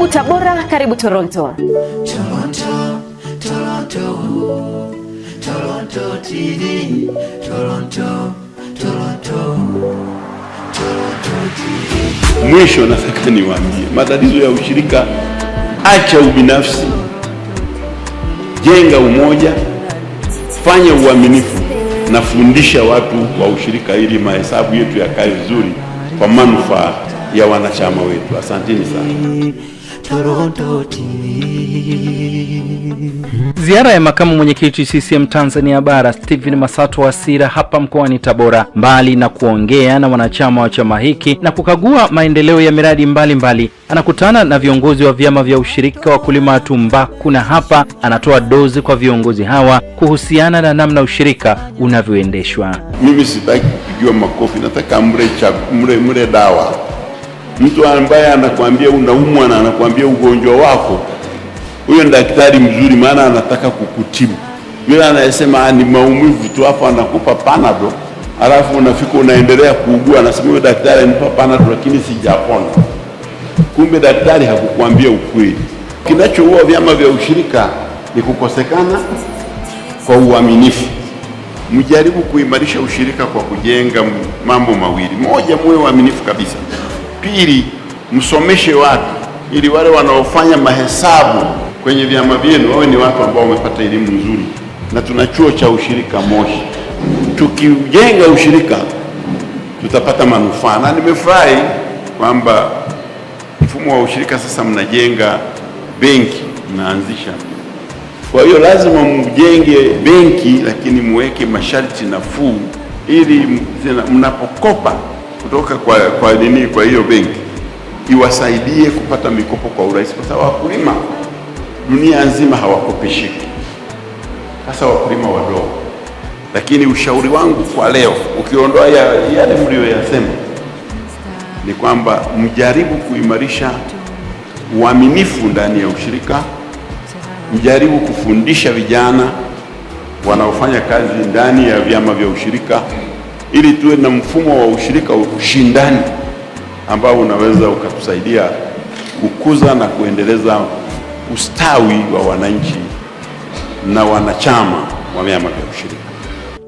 Karibu Tabora, karibu Toronto. Toronto, Toronto, Toronto TV, Toronto, Toronto, Toronto TV. Mwisho nataka niwaambie matatizo ya ushirika, acha ubinafsi, jenga umoja, fanya uaminifu na fundisha watu wa ushirika ili mahesabu yetu yakae vizuri kwa manufaa ya wanachama wetu. Asanteni sana. Toronto TV. Ziara ya makamu mwenyekiti CCM Tanzania Bara Stephen Masato Wasira hapa mkoani Tabora, mbali na kuongea na wanachama wa chama hiki na kukagua maendeleo ya miradi mbalimbali mbali. Anakutana na viongozi wa vyama vya ushirika wakulima wa tumbaku na hapa anatoa dozi kwa viongozi hawa kuhusiana na namna ushirika unavyoendeshwa. Mimi sitaki kupigiwa makofi, nataka mle mre dawa Mtu ambaye anakwambia unaumwa na anakwambia ugonjwa wako, huyo ni daktari mzuri, maana anataka kukutibu. Yule anayesema ah, ni maumivu tu, hapo anakupa panado, alafu unafika unaendelea kuugua, anasema huyo daktari anipa panado lakini sijapona. Kumbe daktari hakukwambia ukweli. Kinachoua vyama vya ushirika ni kukosekana kwa uaminifu. Mjaribu kuimarisha ushirika kwa kujenga mambo mawili: moja, muwe waaminifu kabisa. Pili, msomeshe watu ili wale wanaofanya mahesabu kwenye vyama vyenu wawe ni watu ambao wamepata elimu nzuri, na tuna chuo cha ushirika Moshi. Tukijenga ushirika tutapata manufaa, na nimefurahi kwamba mfumo wa ushirika sasa mnajenga benki, mnaanzisha. Kwa hiyo lazima mjenge benki, lakini muweke masharti nafuu, ili mnapokopa kutoka kwa kwa nini, kwa hiyo benki iwasaidie kupata mikopo kwa urahisi, kwa sababu wakulima dunia nzima hawakopeshiki, hasa wakulima wadogo. Lakini ushauri wangu kwa leo, ukiondoa yale mliyoyasema, ni kwamba mjaribu kuimarisha uaminifu ndani ya ushirika, mjaribu kufundisha vijana wanaofanya kazi ndani ya vyama vya ushirika ili tuwe na mfumo wa ushirika ushindani ambao unaweza ukatusaidia kukuza na kuendeleza ustawi wa wananchi na wanachama wa vyama vya ushirika.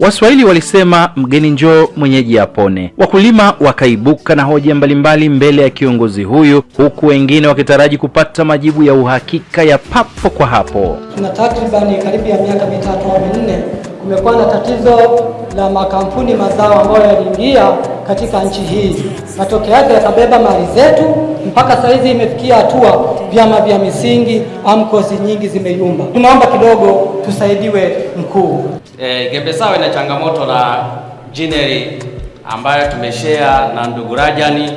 Waswahili walisema mgeni njoo mwenyeji apone. Wakulima wakaibuka na hoja mbalimbali mbele ya kiongozi huyu, huku wengine wakitaraji kupata majibu ya uhakika ya papo kwa hapo. Tuna takribani karibu ya miaka mitatu au minne, kumekuwa na tatizo la makampuni mazao ambayo yaliingia katika nchi hii, matokeo yake yakabeba mali zetu mpaka sasa hizi imefikia hatua vyama vya misingi amkosi nyingi zimeyumba. Tunaomba kidogo tusaidiwe mkuu. E, Gepesawe na changamoto la jineri ambayo tumeshea na ndugu Rajani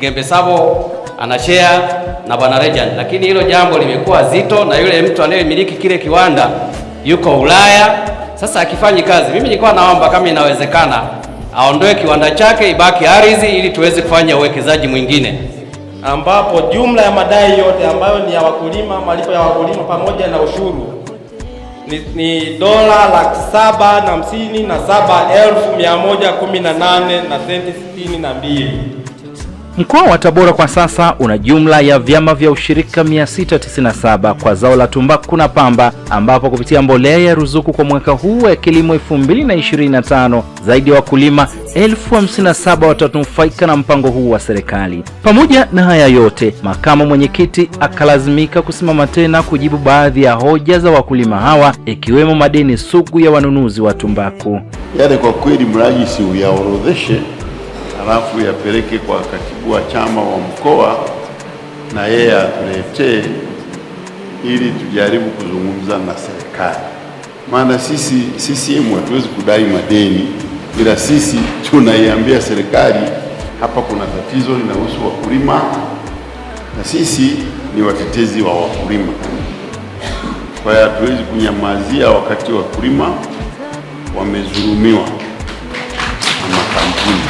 Gebesavo anashea na bwana Rejani, lakini hilo jambo limekuwa zito, na yule mtu anayemiliki kile kiwanda yuko Ulaya, sasa akifanyi kazi. Mimi nilikuwa naomba kama inawezekana aondoe kiwanda chake, ibaki ardhi, ili tuweze kufanya uwekezaji mwingine ambapo jumla ya madai yote ambayo ni ya wakulima, malipo ya wakulima pamoja na ushuru ni, ni dola laki saba na hamsini na saba elfu mia moja kumi na nane na senti sitini na mbili. Mkoa wa Tabora kwa sasa una jumla ya vyama vya ushirika 697 kwa zao la tumbaku na pamba, ambapo kupitia mbolea ya ruzuku kwa mwaka huu wa kilimo 2025 zaidi ya wa wakulima 57 hamsini watanufaika na mpango huu wa serikali. Pamoja na haya yote, makamu mwenyekiti akalazimika kusimama tena kujibu baadhi ya hoja za wakulima hawa, ikiwemo madeni sugu ya wanunuzi wa tumbaku. Yaani kwa kweli mradi si uyaorodheshe halafu yapeleke kwa katibu wa chama wa mkoa na yeye atuletee ili tujaribu kuzungumza na serikali, maana sisi CCM hatuwezi kudai madeni, ila sisi tunaiambia serikali hapa kuna tatizo linahusu wakulima, na sisi ni watetezi wa wakulima. Kwa hiyo hatuwezi kunyamazia wakati wakulima wamezulumiwa na makampuni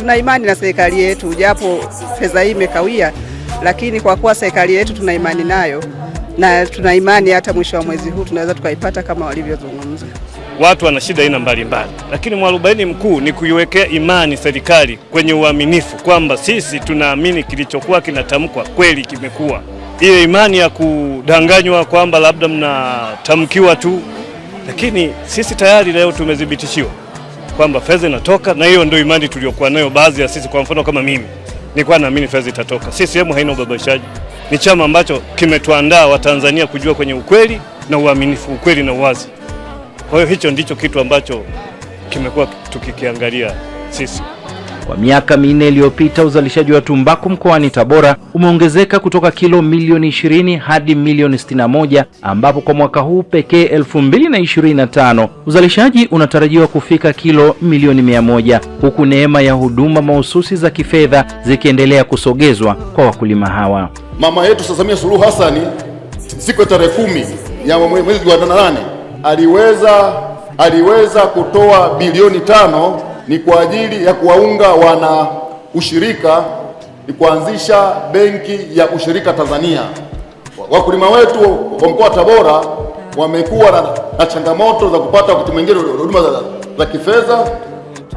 tuna imani na serikali yetu, japo fedha hii imekawia, lakini kwa kuwa serikali yetu tuna imani nayo na tuna imani hata mwisho wa mwezi huu tunaweza tukaipata kama walivyozungumza. Watu wana shida aina mbalimbali, lakini mwarobaini mkuu ni kuiwekea imani serikali kwenye uaminifu, kwamba sisi tunaamini kilichokuwa kinatamkwa kweli kimekuwa. Ile imani ya kudanganywa kwamba labda mnatamkiwa tu, lakini sisi tayari leo tumethibitishiwa kwamba fedha inatoka, na hiyo ndio imani tuliyokuwa nayo baadhi ya sisi. Kwa mfano kama mimi nilikuwa naamini fedha itatoka. CCM haina ubabaishaji, ni chama ambacho kimetuandaa Watanzania kujua kwenye ukweli na uaminifu, ukweli na uwazi. Kwa hiyo hicho ndicho kitu ambacho kimekuwa tukikiangalia sisi. Kwa miaka minne iliyopita uzalishaji wa tumbaku mkoani Tabora umeongezeka kutoka kilo milioni 20 hadi milioni 61, ambapo kwa mwaka huu pekee 2025 uzalishaji unatarajiwa kufika kilo milioni 100, huku neema ya huduma mahususi za kifedha zikiendelea kusogezwa kwa wakulima hawa. Mama yetu Samia Suluhu Hassan siku ya tarehe kumi ya mwezi wa nane aliweza aliweza kutoa bilioni tano ni kwa ajili ya kuwaunga wana ushirika, ni kuanzisha benki ya ushirika Tanzania. Wakulima wetu wa mkoa wa Tabora wamekuwa na, na changamoto za kupata wakati mwingine huduma za, za kifedha.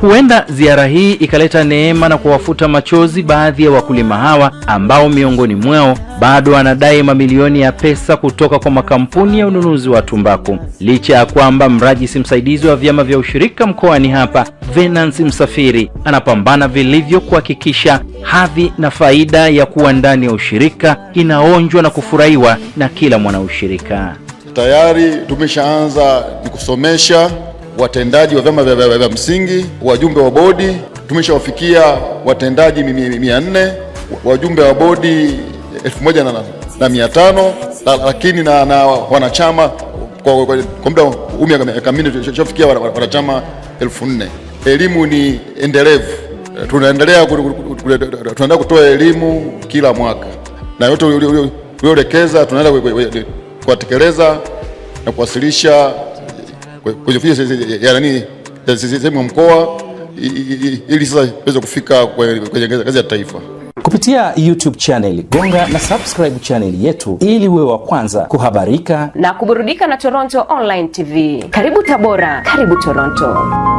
Huenda ziara hii ikaleta neema na kuwafuta machozi baadhi ya wakulima hawa ambao miongoni mwao bado wanadai mamilioni ya pesa kutoka kwa makampuni ya ununuzi wa tumbaku, licha ya kwamba mrajisi msaidizi wa vyama vya ushirika mkoani hapa Venance Msafiri anapambana vilivyo kuhakikisha hadhi na faida ya kuwa ndani ya ushirika inaonjwa na kufurahiwa na kila mwanaushirika. Tayari tumeshaanza ni kusomesha watendaji wa vyama vya msingi, wajumbe wa bodi tumeshawafikia watendaji mia nne, wajumbe wa bodi elfu moja na mia tano lakini na, na wanachama kwa muda wa miaka minne tushafikia wanachama elfu nne elimu ni endelevu. Tunaendelea tunaenda kutoa elimu kila mwaka, na yote uliolekeza tunaenda kuwatekeleza na kuwasilisha kwenye ofisi ya nani sehemu ya mkoa, ili sasa iweze kufika kwenye ngazi ya taifa kupitia YouTube channel. Gonga na subscribe channel yetu ili uwe wa kwanza kuhabarika na kuburudika na Toronto Online TV. Karibu Tabora, karibu Toronto.